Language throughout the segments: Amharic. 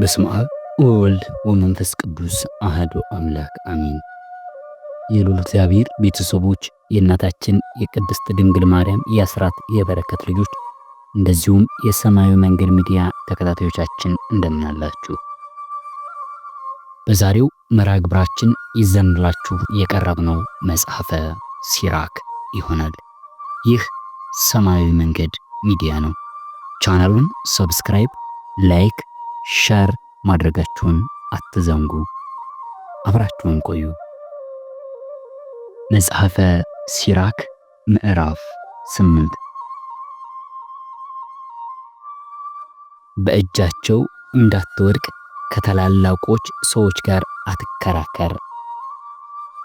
በስመ አብ ወወልድ ወመንፈስ ቅዱስ አህዶ አምላክ አሚን። የሉል እግዚአብሔር ቤተሰቦች፣ የእናታችን የቅድስት ድንግል ማርያም የአስራት የበረከት ልጆች፣ እንደዚሁም የሰማያዊ መንገድ ሚዲያ ተከታታዮቻችን እንደምናላችሁ በዛሬው መራግብራችን ግብራችን ይዘንላችሁ የቀረብነው መጽሐፈ ሲራክ ይሆናል። ይህ ሰማያዊ መንገድ ሚዲያ ነው። ቻናሉን ሰብስክራይብ፣ ላይክ ሸር ማድረጋችሁን አትዘንጉ። አብራችሁን ቆዩ። መጽሐፈ ሲራክ ምዕራፍ ስምንት በእጃቸው እንዳትወድቅ ከታላላቆች ሰዎች ጋር አትከራከር።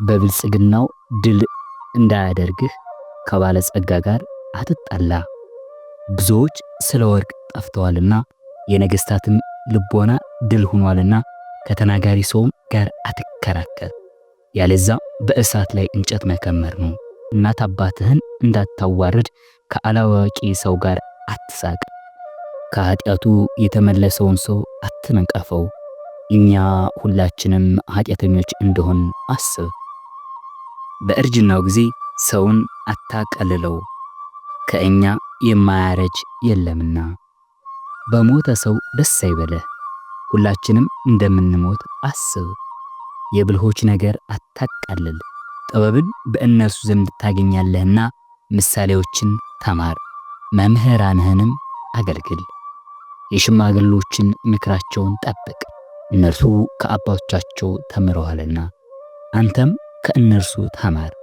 በብልጽግናው ድል እንዳያደርግህ ከባለጸጋ ጋር አትጣላ። ብዙዎች ስለ ወርቅ ጠፍተዋልና የነገሥታትም ልቦና ድል ሆኗልና ከተናጋሪ ሰውም ጋር አትከራከር፣ ያለዛ በእሳት ላይ እንጨት መከመር ነው። እናት አባትህን እንዳታዋርድ ከአላዋቂ ሰው ጋር አትሳቅ። ከኃጢአቱ የተመለሰውን ሰው አትንቀፈው እኛ ሁላችንም ኃጢአተኞች እንደሆን አስብ። በእርጅናው ጊዜ ሰውን አታቀልለው፣ ከእኛ የማያረጅ የለምና። በሞተ ሰው ደስ አይበለህ። ሁላችንም እንደምንሞት አስብ። የብልሆች ነገር አታቃልል፣ ጥበብን በእነርሱ ዘንድ ታገኛለህና ምሳሌዎችን ተማር፣ መምህራንህንም አገልግል። የሽማግሎችን ምክራቸውን ጠብቅ፣ እነርሱ ከአባቶቻቸው ተምረዋልና፣ አንተም ከእነርሱ ተማር።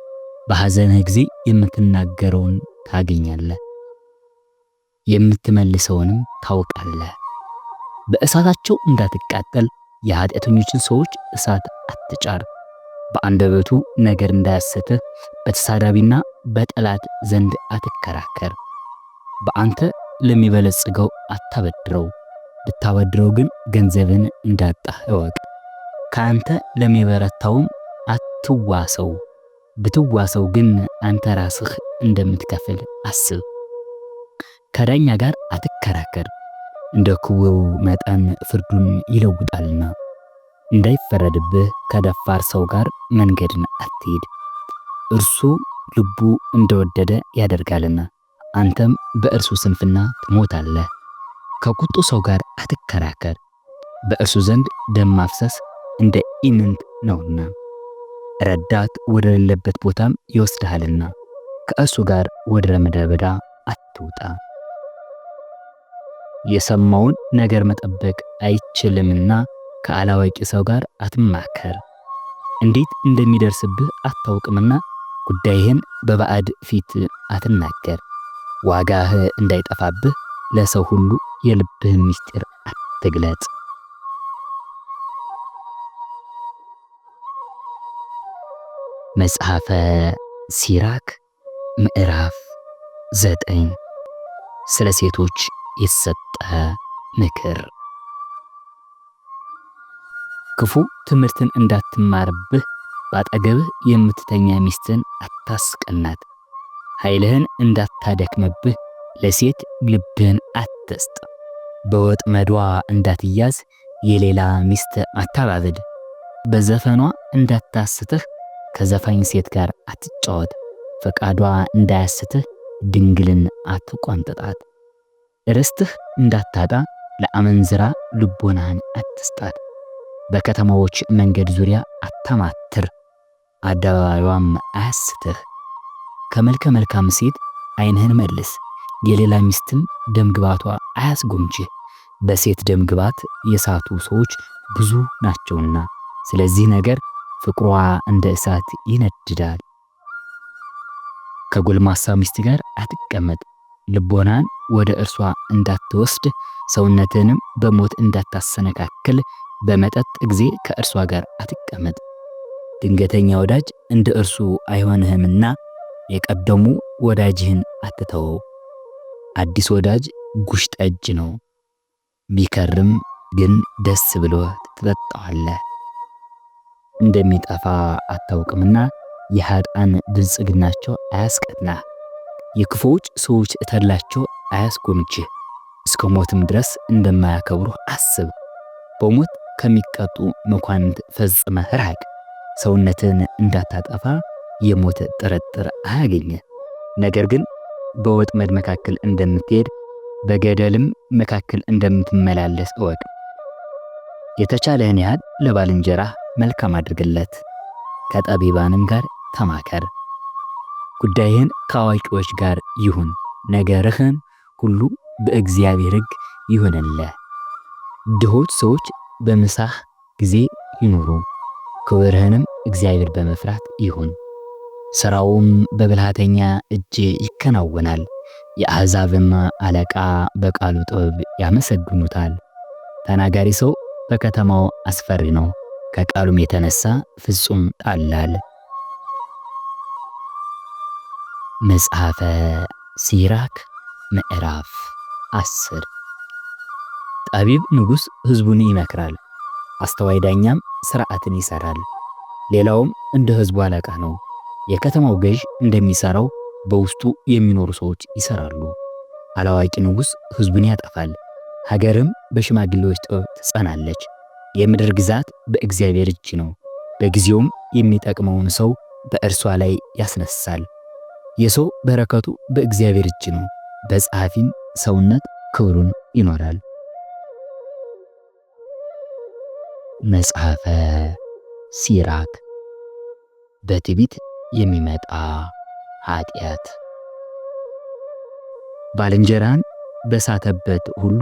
በሐዘንህ ጊዜ የምትናገረውን ታገኛለህ። የምትመልሰውንም ታውቃለህ። በእሳታቸው እንዳትቃጠል የኃጢአተኞችን ሰዎች እሳት አትጫር። በአንደበቱ ነገር እንዳያሰተ በተሳዳቢና በጠላት ዘንድ አትከራከር። በአንተ ለሚበለጽገው አታበድረው፣ ብታበድረው ግን ገንዘብን እንዳጣህ እወቅ። ከአንተ ለሚበረታውም አትዋሰው፣ ብትዋሰው ግን አንተ ራስህ እንደምትከፍል አስብ። ከዳኛ ጋር አትከራከር፣ እንደ ክውው መጠን ፍርዱን ይለውጣልና እንዳይፈረድብህ ከደፋር ሰው ጋር መንገድን አትሄድ፣ እርሱ ልቡ እንደወደደ ያደርጋልና አንተም በእርሱ ስንፍና ትሞታለህ። ከቁጡ ሰው ጋር አትከራከር፣ በእርሱ ዘንድ ደም ማፍሰስ እንደ ኢምንት ነውና ረዳት ወደሌለበት ቦታም ይወስድሃልና ከእርሱ ጋር ወደ ምድረ በዳ አትውጣ። የሰማውን ነገር መጠበቅ አይችልምና ከአላዋቂ ሰው ጋር አትማከር፣ እንዴት እንደሚደርስብህ አታውቅምና ጉዳይህን በባዕድ ፊት አትናገር። ዋጋህ እንዳይጠፋብህ ለሰው ሁሉ የልብህን ምስጢር አትግለጽ። መጽሐፈ ሲራክ ምዕራፍ ዘጠኝ ስለ ሴቶች የሰጠ ምክር ክፉ ትምህርትን እንዳትማርብህ ባጠገብህ የምትተኛ ሚስትን አታስቀናት። ኃይልህን እንዳታደክምብህ ለሴት ልብህን አትስጥ። በወጥመዷ እንዳትያዝ የሌላ ሚስት አታባብድ። በዘፈኗ እንዳታስትህ ከዘፋኝ ሴት ጋር አትጫወት። ፈቃዷ እንዳያስትህ ድንግልን አትቆንጥጣት። ርስትህ እንዳታጣ ለአመንዝራ ልቦናህን አትስጣት። በከተማዎች መንገድ ዙሪያ አታማትር፣ አደባባይዋም አያስትህ። ከመልከ መልካም ሴት ዓይንህን መልስ፣ የሌላ ሚስትም ደምግባቷ አያስጎምችህ። በሴት ደምግባት የሳቱ ሰዎች ብዙ ናቸውና፣ ስለዚህ ነገር ፍቅሯ እንደ እሳት ይነድዳል። ከጎልማሳ ሚስት ጋር አትቀመጥ፣ ልቦናን ወደ እርሷ እንዳትወስድ ሰውነትንም በሞት እንዳታሰነካክል በመጠጥ ጊዜ ከእርሷ ጋር አትቀመጥ። ድንገተኛ ወዳጅ እንደ እርሱ አይሆንህምና የቀደሙ ወዳጅህን አትተው አዲስ ወዳጅ ጉሽ ጠጅ ነው፣ ቢከርም ግን ደስ ብሎ ትጠጣዋለህ። እንደሚጠፋ አታውቅምና የሃጣን ብልጽግናቸው አያስቀና። የክፉዎች ሰዎች እተላቸው አያስጎምጅህ። እስከ ሞትም ድረስ እንደማያከብሩ አስብ። በሞት ከሚቀጡ መኳንንት ፈጽመህ ራቅ። ሰውነትን እንዳታጠፋ የሞት ጥርጥር አያገኘ። ነገር ግን በወጥመድ መካከል እንደምትሄድ በገደልም መካከል እንደምትመላለስ እወቅ። የተቻለህን ያህል ለባልንጀራህ መልካም አድርግለት፣ ከጠቢባንም ጋር ተማከር። ጉዳይህን ከአዋቂዎች ጋር ይሁን፣ ነገርህም ሁሉ በእግዚአብሔር ሕግ ይሁንልህ። ድሆች ሰዎች በምሳህ ጊዜ ይኑሩ፣ ክብርህንም እግዚአብሔር በመፍራት ይሁን። ሥራውም በብልሃተኛ እጅ ይከናወናል፣ የአሕዛብም አለቃ በቃሉ ጥበብ ያመሰግኑታል። ተናጋሪ ሰው በከተማው አስፈሪ ነው፣ ከቃሉም የተነሳ ፍጹም ጣላል። መጽሐፈ ሲራክ ምዕራፍ አስር ጠቢብ ንጉሥ ሕዝቡን ይመክራል፣ አስተዋይ ዳኛም ሥርዓትን ይሠራል። ሌላውም እንደ ሕዝቡ አለቃ ነው። የከተማው ገዥ እንደሚሠራው በውስጡ የሚኖሩ ሰዎች ይሠራሉ። አላዋቂ ንጉሥ ሕዝቡን ያጠፋል፣ ሀገርም በሽማግሌዎች ጥበብ ትጸናለች። የምድር ግዛት በእግዚአብሔር እጅ ነው፣ በጊዜውም የሚጠቅመውን ሰው በእርሷ ላይ ያስነሳል። የሰው በረከቱ በእግዚአብሔር እጅ ነው። በጸሐፊም ሰውነት ክብሩን ይኖራል። መጽሐፈ ሲራክ በትዕቢት የሚመጣ ኃጢአት። ባልንጀራን በሳተበት ሁሉ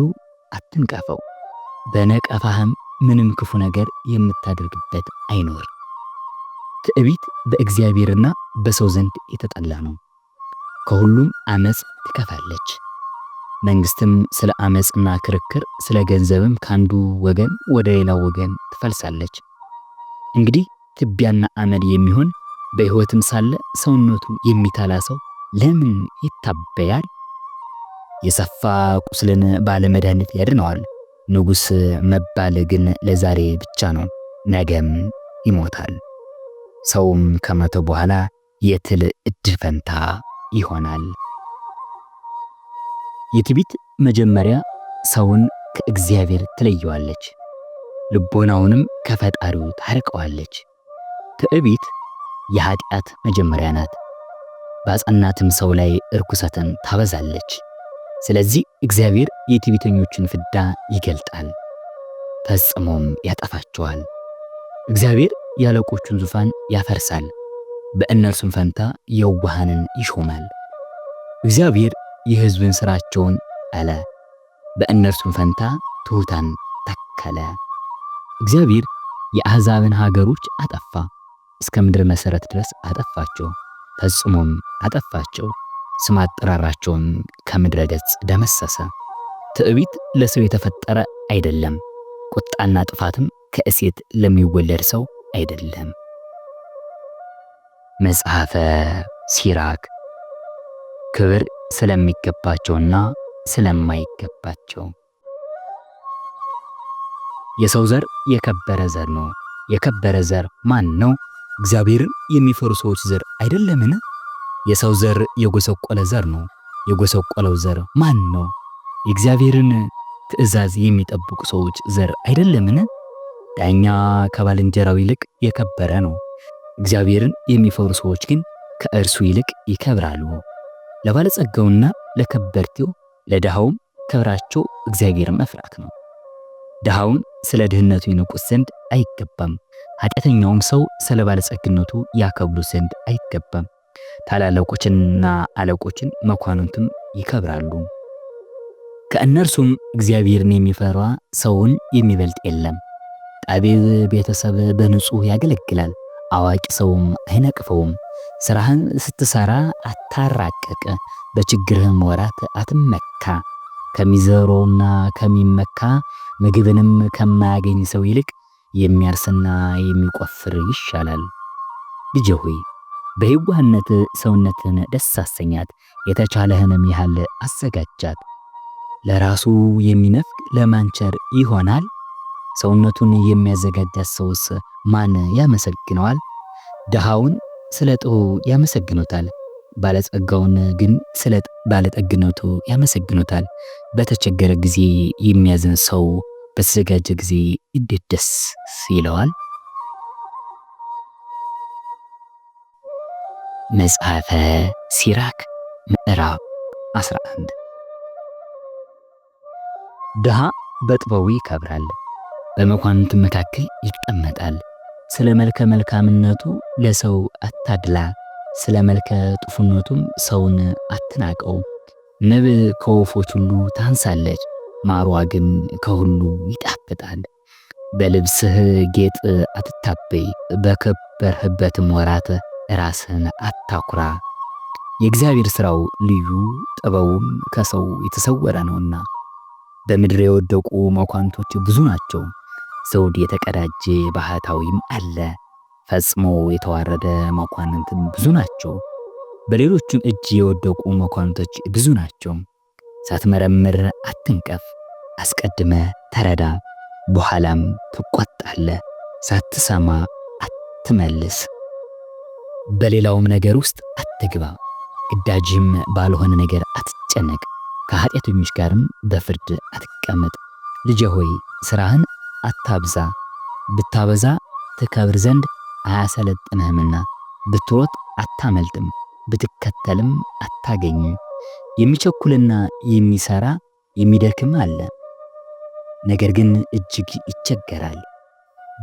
አትንቀፈው፣ በነቀፋህም ምንም ክፉ ነገር የምታደርግበት አይኖር። ትዕቢት በእግዚአብሔርና በሰው ዘንድ የተጠላ ነው። ከሁሉም አመፅ ትከፋለች። መንግስትም ስለ አመፅና ክርክር፣ ስለ ገንዘብም ከአንዱ ወገን ወደ ሌላው ወገን ትፈልሳለች። እንግዲህ ትቢያና አመድ የሚሆን በሕይወትም ሳለ ሰውነቱ የሚታላ ሰው ለምን ይታበያል? የሰፋ ቁስልን ባለመድኃኒት ያድነዋል። ንጉሥ መባል ግን ለዛሬ ብቻ ነው፣ ነገም ይሞታል። ሰውም ከመቶ በኋላ የትል እድል ፈንታ ይሆናል። የትዕቢት መጀመሪያ ሰውን ከእግዚአብሔር ትለየዋለች፣ ልቦናውንም ከፈጣሪው ታርቀዋለች። ትዕቢት የኃጢአት መጀመሪያ ናት፣ በአጸናትም ሰው ላይ እርኩሰትን ታበዛለች። ስለዚህ እግዚአብሔር የትዕቢተኞችን ፍዳ ይገልጣል፣ ፈጽሞም ያጠፋቸዋል። እግዚአብሔር የአለቆቹን ዙፋን ያፈርሳል በእነርሱም ፈንታ የዋሃንን ይሾማል። እግዚአብሔር የሕዝብን ሥራቸውን አለ፣ በእነርሱም ፈንታ ትሑታን ተከለ። እግዚአብሔር የአሕዛብን ሀገሮች አጠፋ፣ እስከ ምድር መሠረት ድረስ አጠፋቸው፣ ፈጽሞም አጠፋቸው። ስም አጠራራቸውን ከምድረ ገጽ ደመሰሰ። ትዕቢት ለሰው የተፈጠረ አይደለም፣ ቁጣና ጥፋትም ከእሴት ለሚወለድ ሰው አይደለም። መጽሐፈ ሲራክ ክብር ስለሚገባቸውና ስለማይገባቸው። የሰው ዘር የከበረ ዘር ነው። የከበረ ዘር ማን ነው? እግዚአብሔርን የሚፈሩ ሰዎች ዘር አይደለምን? የሰው ዘር የጎሰቆለ ዘር ነው። የጎሰቆለው ዘር ማን ነው? የእግዚአብሔርን ትእዛዝ የሚጠብቁ ሰዎች ዘር አይደለምን? ዳኛ ከባልንጀራው ይልቅ የከበረ ነው። እግዚአብሔርን የሚፈሩ ሰዎች ግን ከእርሱ ይልቅ ይከብራሉ። ለባለጸጋውና ለከበርቴው ለድሃውም ክብራቸው እግዚአብሔር መፍራት ነው። ድሃውን ስለ ድህነቱ ይንቁት ዘንድ አይገባም። ኃጢአተኛውም ሰው ስለ ባለጸግነቱ ያከብሩ ዘንድ አይገባም። ታላላቆችንና አለቆችን መኳንንትም ይከብራሉ። ከእነርሱም እግዚአብሔርን የሚፈራ ሰውን የሚበልጥ የለም። ጠቢብ ቤተሰብ በንጹሕ ያገለግላል። አዋቂ ሰውም አይነቅፈውም። ስራህን ስትሰራ አታራቅቅ፣ በችግርህም ወራት አትመካ። ከሚዘሮውና ከሚመካ ምግብንም ከማያገኝ ሰው ይልቅ የሚያርስና የሚቆፍር ይሻላል። ልጄ ሆይ በየዋህነት ሰውነትን ደስ አሰኛት፣ የተቻለህንም ያህል አዘጋጃት። ለራሱ የሚነፍቅ ለማንቸር ይሆናል? ሰውነቱን የሚያዘጋጅ ሰውስ ማን ያመሰግነዋል? ድሃውን ስለ ጥሁ ያመሰግኑታል፣ ባለጸጋውን ግን ስለ ባለጠግነቱ ያመሰግኑታል። በተቸገረ ጊዜ የሚያዝን ሰው በተዘጋጀ ጊዜ እንዴት ደስ ይለዋል። መጽሐፈ ሲራክ ምዕራፍ 11 ድሃ በጥበቡ ይከብራል በመኳንንት መካከል ይቀመጣል። ስለ መልከ መልካምነቱ ለሰው አታድላ፣ ስለ መልከ ጥፉነቱም ሰውን አትናቀው። ንብ ከወፎች ሁሉ ታንሳለች፣ ማሯ ግን ከሁሉ ይጣፍጣል። በልብስህ ጌጥ አትታበይ፣ በከበርህበትም ወራት ራስህን አታኩራ። የእግዚአብሔር ሥራው ልዩ ጥበቡም ከሰው የተሰወረ ነውና፣ በምድር የወደቁ መኳንቶች ብዙ ናቸው። ዘውድ የተቀዳጀ ባህታዊም አለ። ፈጽሞ የተዋረደ መኳንንትም ብዙ ናቸው። በሌሎችም እጅ የወደቁ መኳንንቶች ብዙ ናቸው። ሳትመረምር አትንቀፍ። አስቀድመ ተረዳ፣ በኋላም ትቆጣለ። ሳትሰማ አትመልስ። በሌላውም ነገር ውስጥ አትግባ። ግዳጅም ባልሆነ ነገር አትጨነቅ። ከኃጢአተኞች ጋርም በፍርድ አትቀመጥ። ልጄ ሆይ ሥራህን አታብዛ፣ ብታበዛ ትከብር ዘንድ አያሰለጥንህምና፣ ብትሮጥ አታመልጥም፣ ብትከተልም አታገኝም። የሚቸኩልና የሚሰራ የሚደክም አለ፣ ነገር ግን እጅግ ይቸገራል።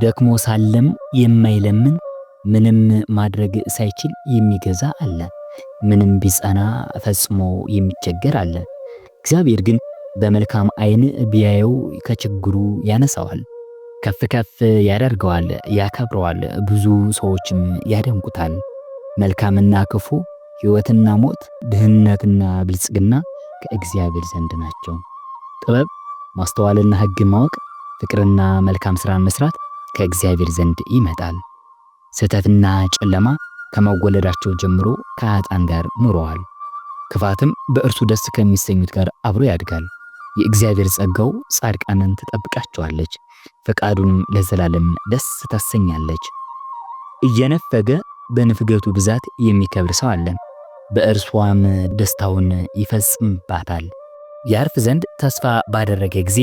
ደክሞ ሳለም የማይለምን ምንም ማድረግ ሳይችል የሚገዛ አለ፣ ምንም ቢጸና ፈጽሞ የሚቸገር አለ። እግዚአብሔር ግን በመልካም ዓይን ቢያየው ከችግሩ ያነሳዋል። ከፍ ከፍ ያደርገዋል፣ ያከብረዋል። ብዙ ሰዎችም ያደንቁታል። መልካምና ክፉ፣ ሕይወትና ሞት፣ ድህነትና ብልጽግና ከእግዚአብሔር ዘንድ ናቸው። ጥበብ፣ ማስተዋልና ሕግ ማወቅ፣ ፍቅርና መልካም ሥራን መስራት ከእግዚአብሔር ዘንድ ይመጣል። ስህተትና ጨለማ ከመወለዳቸው ጀምሮ ከአጣን ጋር ኑረዋል። ክፋትም በእርሱ ደስ ከሚሰኙት ጋር አብሮ ያድጋል። የእግዚአብሔር ጸጋው ጻድቃንን ትጠብቃቸዋለች። ፈቃዱን ለዘላለም ደስ ታሰኛለች። እየነፈገ በንፍገቱ ብዛት የሚከብር ሰው አለ፣ በእርሷም ደስታውን ይፈጽምባታል። ያርፍ ዘንድ ተስፋ ባደረገ ጊዜ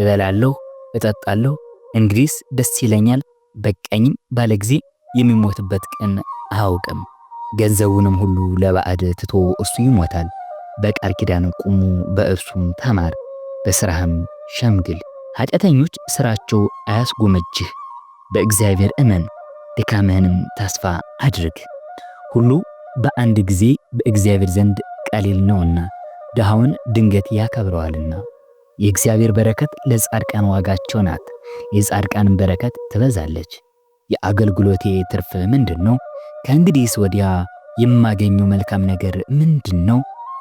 እበላለሁ፣ እጠጣለሁ፣ እንግዲስ ደስ ይለኛል፣ በቀኝም ባለ ጊዜ የሚሞትበት ቀን አያውቅም። ገንዘቡንም ሁሉ ለባዕድ ትቶ እሱ ይሞታል። በቃል ኪዳን ቁሙ፣ በእርሱም ተማር፣ በሥራህም ሸምግል። ኃጢአተኞች ሥራቸው አያስጎመጅህ። በእግዚአብሔር እመን፣ ድካምህንም ተስፋ አድርግ። ሁሉ በአንድ ጊዜ በእግዚአብሔር ዘንድ ቀሊል ነውና ድሃውን ድንገት ያከብረዋልና። የእግዚአብሔር በረከት ለጻድቃን ዋጋቸው ናት። የጻድቃንም በረከት ትበዛለች። የአገልግሎቴ ትርፍ ምንድን ነው? ከእንግዲህስ ወዲያ የማገኘው መልካም ነገር ምንድን ነው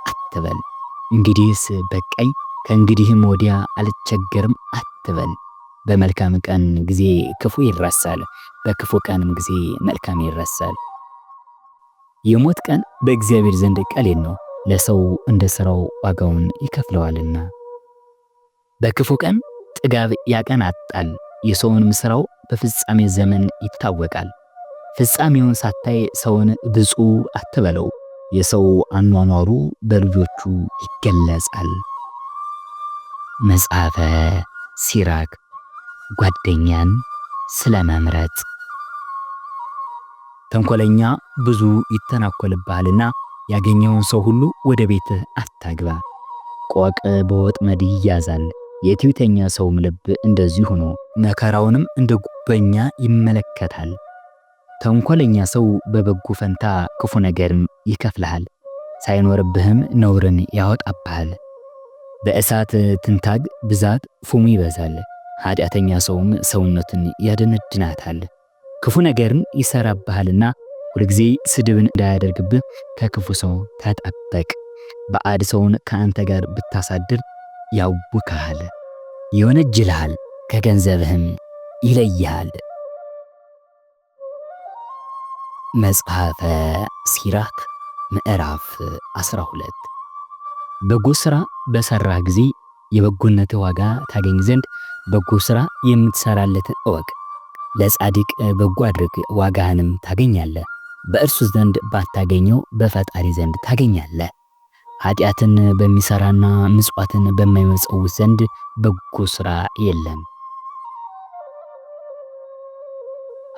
አትበል። እንግዲህስ በቀኝ ከእንግዲህም ወዲያ አልቸገርም አትበል። በመልካም ቀን ጊዜ ክፉ ይረሳል፣ በክፉ ቀንም ጊዜ መልካም ይረሳል። የሞት ቀን በእግዚአብሔር ዘንድ ቀሌን ነው፣ ለሰው እንደ ሥራው ዋጋውን ይከፍለዋልና። በክፉ ቀን ጥጋብ ያቀናጣል፣ የሰውንም ሥራው በፍጻሜ ዘመን ይታወቃል። ፍጻሜውን ሳታይ ሰውን ብፁ አትበለው፣ የሰው አኗኗሩ በልጆቹ ይገለጻል። መጽሐፈ ሲራክ ጓደኛን ስለመምረጥ ተንኮለኛ ብዙ ይተናኮልብሃልና ያገኘውን ሰው ሁሉ ወደ ቤትህ አታግባ። ቆቅ በወጥመድ ይያዛል። የትዕቢተኛ ሰውም ልብ እንደዚሁ ነው። መከራውንም እንደ ጉበኛ ይመለከታል። ተንኮለኛ ሰው በበጎ ፈንታ ክፉ ነገርም ይከፍልሃል፣ ሳይኖርብህም ነውርን ያወጣብሃል። በእሳት ትንታግ ብዛት ፉሙ ይበዛል፣ ኃጢአተኛ ሰውም ሰውነትን ያደነድናታል። ክፉ ነገርን ይሰራብሃልና ሁልጊዜ ስድብን እንዳያደርግብህ ከክፉ ሰው ተጠበቅ። በአድ ሰውን ከአንተ ጋር ብታሳድር ያውካሃል፣ ይወነጅልሃል፣ ከገንዘብህም ይለይሃል። መጽሐፈ ሲራክ ምዕራፍ 12 በጎ ስራ በሰራህ ጊዜ የበጎነት ዋጋ ታገኝ ዘንድ በጎ ስራ የምትሰራለትን እወቅ። ለጻድቅ በጎ አድርግ፣ ዋጋህንም ታገኛለህ። በእርሱ ዘንድ ባታገኘው በፈጣሪ ዘንድ ታገኛለህ። ኃጢአትን በሚሰራና ምጽዋትን በማይመጸውት ዘንድ በጎ ስራ የለም።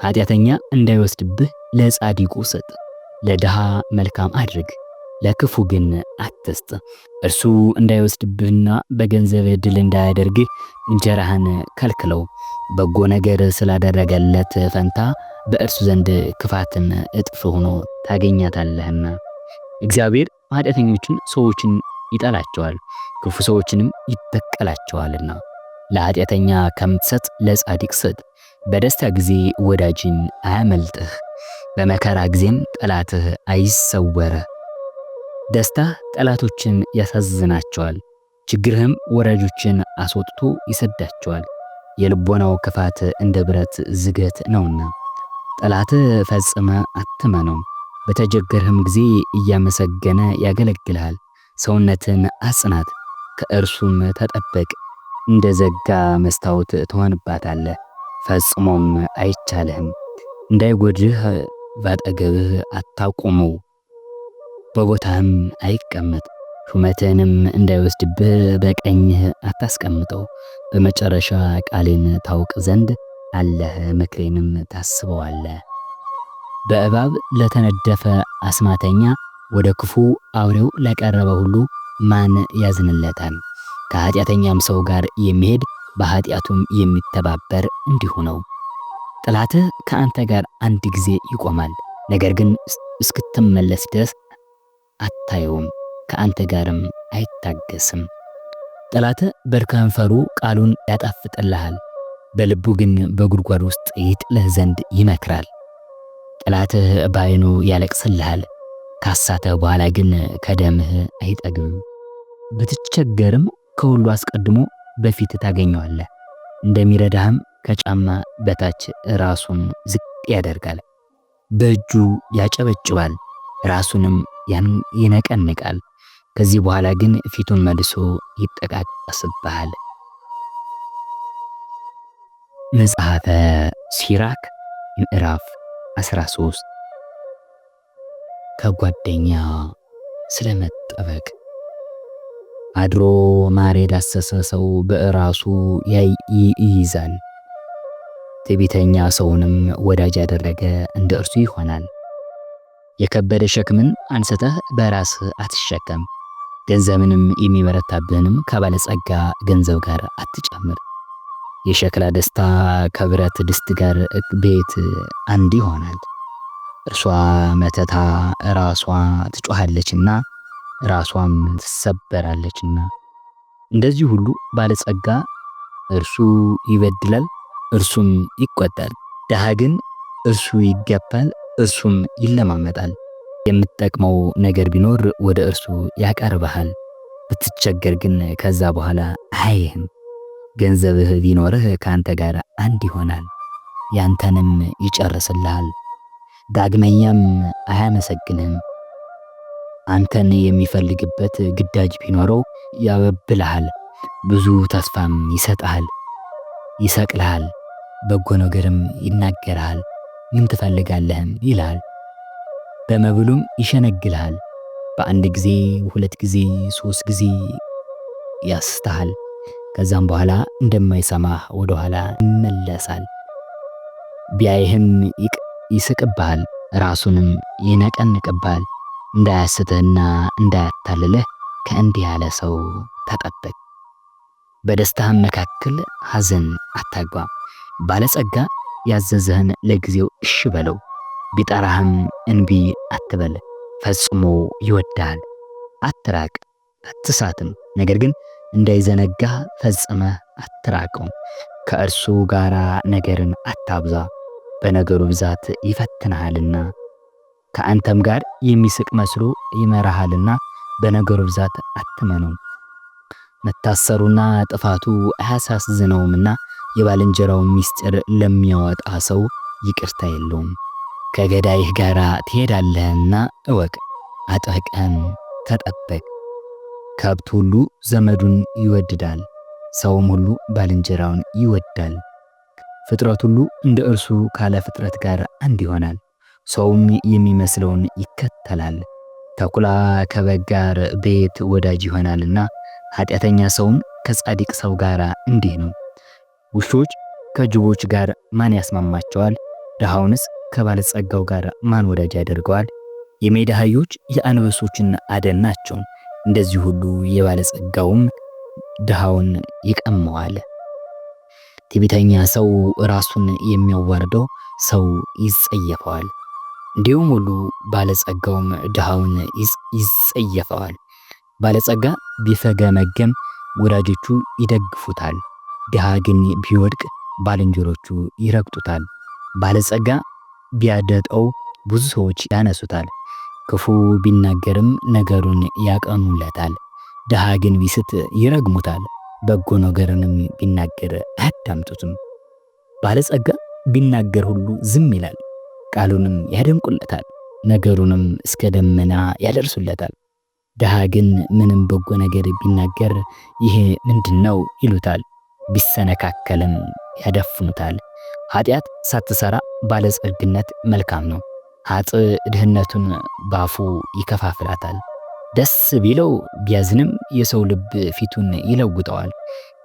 ኃጢአተኛ እንዳይወስድብህ ለጻድቁ ስጥ፣ ለድሃ መልካም አድርግ። ለክፉ ግን አትስጥ፣ እርሱ እንዳይወስድብህና በገንዘብህ ድል እንዳያደርግህ እንጀራህን ከልክለው። በጎ ነገር ስላደረገለት ፈንታ በእርሱ ዘንድ ክፋትን እጥፍ ሆኖ ታገኛታለህና። እግዚአብሔር ኃጢአተኞችን ሰዎችን ይጠላቸዋል፣ ክፉ ሰዎችንም ይበቀላቸዋልና። ለኃጢአተኛ ከምትሰጥ ለጻድቅ ስጥ። በደስታ ጊዜ ወዳጅን አያመልጥህ፣ በመከራ ጊዜም ጠላትህ አይሰወርህ። ደስታ ጠላቶችን ያሳዝናቸዋል፣ ችግርህም ወዳጆችን አስወጥቶ ይሰዳቸዋል። የልቦናው ክፋት እንደ ብረት ዝገት ነውና ጠላት ፈጽመ አትመነው። በተጀገርህም ጊዜ እያመሰገነ ያገለግልሃል። ሰውነትን አጽናት፣ ከእርሱም ተጠበቅ። እንደ ዘጋ መስታወት ትሆንባታለህ፣ ፈጽሞም አይቻልህም። እንዳይጎድህ ባጠገብህ አታቁመው። በቦታም አይቀመጥ። ሹመትህንም እንዳይወስድብህ በቀኝህ አታስቀምጠው። በመጨረሻ ቃሌን ታውቅ ዘንድ አለህ፣ ምክሬንም ታስበዋለህ። በእባብ ለተነደፈ አስማተኛ ወደ ክፉ አውሬው ለቀረበ ሁሉ ማን ያዝንለታል? ከኃጢአተኛም ሰው ጋር የሚሄድ በኃጢአቱም የሚተባበር እንዲሁ ነው። ጥላትህ ከአንተ ጋር አንድ ጊዜ ይቆማል፣ ነገር ግን እስክትመለስ ድረስ አታየውም፣ ከአንተ ጋርም አይታገስም። ጠላት በከንፈሩ ቃሉን ያጣፍጥልሃል፣ በልቡ ግን በጉድጓድ ውስጥ ይጥልህ ዘንድ ይመክራል። ጠላትህ ባይኑ ያለቅስልሃል፣ ካሳተህ በኋላ ግን ከደምህ አይጠግብም። ብትቸገርም ከሁሉ አስቀድሞ በፊት ታገኘዋለህ። እንደሚረዳህም ከጫማ በታች ራሱን ዝቅ ያደርጋል። በእጁ ያጨበጭባል፣ ራሱንም ይነቀንቃል። ከዚህ በኋላ ግን ፊቱን መልሶ ይጠቃቀስብሃል። መጽሐፈ ሲራክ ምዕራፍ 13 ከጓደኛ ስለመጠበቅ አድሮ ማር የዳሰሰ ሰው በራሱ ይይዛል። ትዕቢተኛ ሰውንም ወዳጅ ያደረገ እንደ እርሱ ይሆናል። የከበደ ሸክምን አንስተህ በራስህ አትሸከም። ገንዘብንም የሚበረታብህንም ከባለጸጋ ገንዘብ ጋር አትጨምር። የሸክላ ደስታ ከብረት ድስት ጋር ቤት አንድ ይሆናል። እርሷ መተታ ራሷ ትጮሃለችና ራሷም ትሰበራለችና፣ እንደዚህ ሁሉ ባለጸጋ እርሱ ይበድላል፣ እርሱም ይቆጣል። ድሃ ግን እርሱ ይገባል፣ እሱም ይለማመጣል። የምትጠቅመው ነገር ቢኖር ወደ እርሱ ያቀርብሃል። ብትቸገር ግን ከዛ በኋላ አይህም። ገንዘብህ ቢኖርህ ከአንተ ጋር አንድ ይሆናል፣ ያንተንም ይጨርስልሃል። ዳግመኛም አያመሰግንህም። አንተን የሚፈልግበት ግዳጅ ቢኖረው ያበብልሃል፣ ብዙ ተስፋም ይሰጥሃል፣ ይሰቅልሃል፣ በጎ ነገርም ይናገርሃል። ምን ትፈልጋለህም ይልሃል። በመብሉም ይሸነግልሃል። በአንድ ጊዜ ሁለት ጊዜ ሶስት ጊዜ ያስተሃል። ከዛም በኋላ እንደማይሰማህ ወደኋላ ይመለሳል። ቢያይህም ይስቅብሃል፣ ራሱንም ይነቀንቅብሃል። እንዳያስትህና እንዳያታልልህ ከእንዲህ ያለ ሰው ተጠበቅ። በደስታህም መካከል ሐዘን አታግባ። ባለጸጋ ያዘዘህን ለጊዜው እሺ በለው፣ ቢጠራህም እንቢ አትበል። ፈጽሞ ይወዳል አትራቅ፣ አትሳትም። ነገር ግን እንዳይዘነጋ ፈጽመህ አትራቀው። ከእርሱ ጋር ነገርን አታብዛ፣ በነገሩ ብዛት ይፈትንሃልና። ከአንተም ጋር የሚስቅ መስሎ ይመራሃልና በነገሩ ብዛት አትመነው። መታሰሩና ጥፋቱ አያሳዝነውምና የባልንጀራውን ምስጢር ለሚያወጣ ሰው ይቅርታ የለውም። ከገዳይህ ጋር ትሄዳለህና እወቅ፣ አጠቀን፣ ተጠበቅ። ከብት ሁሉ ዘመዱን ይወድዳል፣ ሰውም ሁሉ ባልንጀራውን ይወዳል። ፍጥረት ሁሉ እንደ እርሱ ካለ ፍጥረት ጋር አንድ ይሆናል። ሰውም የሚመስለውን ይከተላል። ተኩላ ከበግ ጋር ቤት ወዳጅ ይሆናልና ኃጢአተኛ ሰውም ከጻድቅ ሰው ጋር እንዲህ ነው። ውሾች ከጅቦች ጋር ማን ያስማማቸዋል? ድሃውንስ ከባለጸጋው ጋር ማን ወዳጅ ያደርገዋል? የሜዳ አህዮች የአንበሶችን አደን ናቸው። እንደዚህ ሁሉ የባለጸጋውም ድሃውን ይቀመዋል። ትዕቢተኛ ሰው ራሱን የሚያዋርደው ሰው ይጸየፈዋል። እንዲሁም ሁሉ ባለጸጋውም ድሃውን ይጸየፈዋል። ባለጸጋ ቢፈገመገም ወዳጆቹ ይደግፉታል። ድሃ ግን ቢወድቅ ባልንጀሮቹ ይረግጡታል፣ ባለጸጋ ቢያደጠው ብዙ ሰዎች ያነሱታል። ክፉ ቢናገርም ነገሩን ያቀኑለታል። ድሃ ግን ቢስት ይረግሙታል፣ በጎ ነገርንም ቢናገር አያዳምጡትም። ባለጸጋ ቢናገር ሁሉ ዝም ይላል፣ ቃሉንም ያደንቁለታል፣ ነገሩንም እስከ ደመና ያደርሱለታል። ድሃ ግን ምንም በጎ ነገር ቢናገር ይሄ ምንድን ነው ይሉታል። ቢሰነካከልም ያደፍኑታል። ኃጢአት ሳትሰራ ባለጸግነት መልካም ነው። አጥ ድህነቱን ባፉ ይከፋፍላታል። ደስ ቢለው ቢያዝንም የሰው ልብ ፊቱን ይለውጠዋል።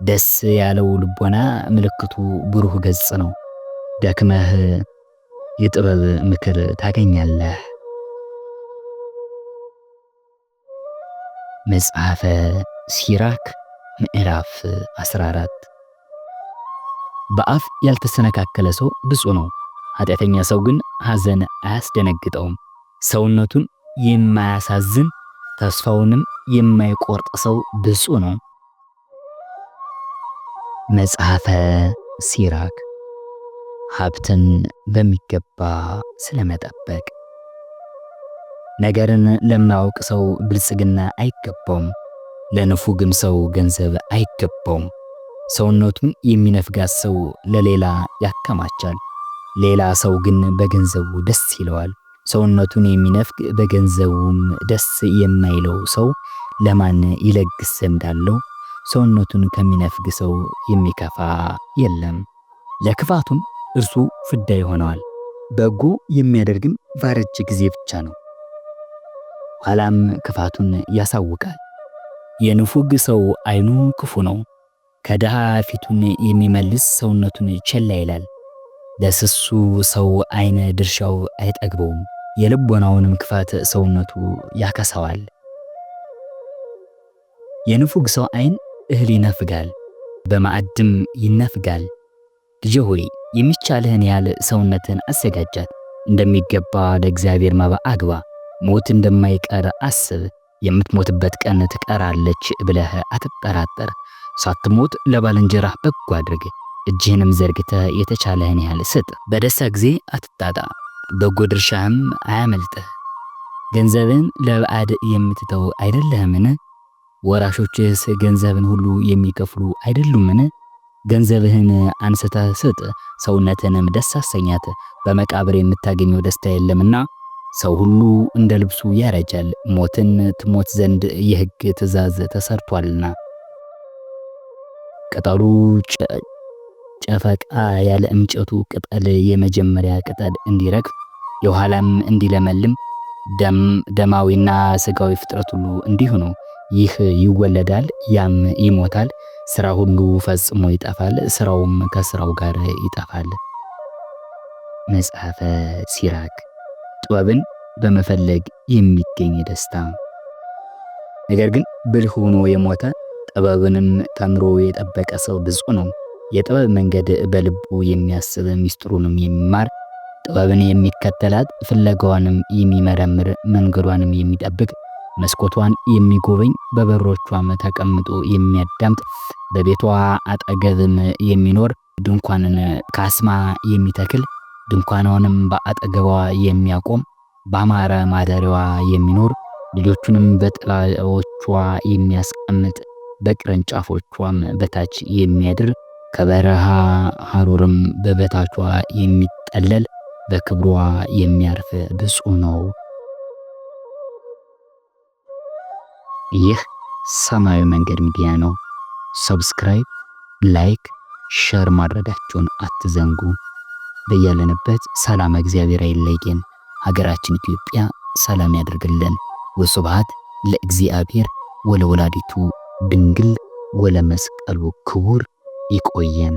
ደስ ያለው ልቦና ምልክቱ ብሩህ ገጽ ነው። ደክመህ የጥበብ ምክር ታገኛለህ። መጽሐፈ ሲራክ ምዕራፍ 14 በአፍ ያልተሰነካከለ ሰው ብፁ ነው። ኃጢአተኛ ሰው ግን ሐዘን አያስደነግጠውም። ሰውነቱን የማያሳዝን ተስፋውንም የማይቆርጥ ሰው ብፁ ነው። መጽሐፈ ሲራክ ሀብትን በሚገባ ስለመጠበቅ። ነገርን ለማያውቅ ሰው ብልጽግና አይገባውም፣ ለንፉግም ሰው ገንዘብ አይገባውም። ሰውነቱን የሚነፍጋት ሰው ለሌላ ያከማቻል፣ ሌላ ሰው ግን በገንዘቡ ደስ ይለዋል። ሰውነቱን የሚነፍግ በገንዘቡም ደስ የማይለው ሰው ለማን ይለግስ ዘንድ አለው? ሰውነቱን ከሚነፍግ ሰው የሚከፋ የለም፣ ለክፋቱም እርሱ ፍዳ ይሆነዋል። በጎ የሚያደርግም ባረጀ ጊዜ ብቻ ነው፣ ኋላም ክፋቱን ያሳውቃል። የንፉግ ሰው ዓይኑ ክፉ ነው፣ ከድሃ ፊቱን የሚመልስ ሰውነቱን ይቸላ ይላል። ለስሱ ሰው አይነ ድርሻው አይጠግበውም፣ የልቦናውንም ክፋት ሰውነቱ ያከሳዋል። የንፉግ ሰው አይን እህል ይነፍጋል፣ በማዕድም ይነፍጋል። ልጄ ሆይ የሚቻልህን ያህል ሰውነትን አዘጋጃት፣ እንደሚገባ ለእግዚአብሔር መባ አግባ፣ ሞት እንደማይቀር አስብ፣ የምትሞትበት ቀን ትቀራለች ብለህ አትጠራጠር። ሳትሞት ለባልንጀራህ በጎ አድርግ፣ እጅህንም ዘርግተህ የተቻለህን ያህል ስጥ። በደስታ ጊዜ አትጣጣ፣ በጎ ድርሻህም አያመልጥህ። ገንዘብን ለባዕድ የምትተው አይደለህምን? ወራሾችስ ገንዘብን ሁሉ የሚከፍሉ አይደሉምን? ገንዘብህን አንስተህ ስጥ፣ ሰውነትንም ደስ አሰኛት። በመቃብር የምታገኘው ደስታ የለምና ሰው ሁሉ እንደ ልብሱ ያረጃል። ሞትን ትሞት ዘንድ የሕግ ትእዛዝ ተሰርቷልና። ቅጠሉ ጨፈቃ ያለ እንጨቱ ቅጠል የመጀመሪያ ቅጠል እንዲረግፍ የኋላም እንዲለመልም ደማዊና ስጋዊ ፍጥረት ሁሉ እንዲሁ ነው። ይህ ይወለዳል፣ ያም ይሞታል። ስራ ሁሉ ፈጽሞ ይጠፋል፣ ስራውም ከስራው ጋር ይጠፋል። መጽሐፈ ሲራክ። ጥበብን በመፈለግ የሚገኝ ደስታ። ነገር ግን ብልህ ሆኖ የሞተ ጥበብንም ተምሮ የጠበቀ ሰው ብፁ ነው። የጥበብ መንገድ በልቡ የሚያስብ ሚስጥሩንም የሚማር ጥበብን የሚከተላት ፍለጋዋንም የሚመረምር መንገዷንም የሚጠብቅ መስኮቷን የሚጎበኝ በበሮቿም ተቀምጦ የሚያዳምጥ በቤቷ አጠገብም የሚኖር ድንኳንን ካስማ የሚተክል ድንኳኗንም በአጠገቧ የሚያቆም በአማረ ማደሪዋ የሚኖር ልጆቹንም በጥላዎቿ የሚያስቀምጥ በቅርንጫፎቿም በታች የሚያድር ከበረሃ ሐሩርም በበታቿ የሚጠለል በክብሯ የሚያርፍ ብፁ ነው። ይህ ሰማያዊ መንገድ ሚዲያ ነው። ሰብስክራይብ፣ ላይክ፣ ሸር ማድረጋችሁን አትዘንጉ። በያለንበት ሰላም እግዚአብሔር አይለየን። ሀገራችን ኢትዮጵያ ሰላም ያደርግልን። ወስብሐት ለእግዚአብሔር ወለወላዲቱ ድንግል ወለመስቀሉ ክቡር ይቆየን።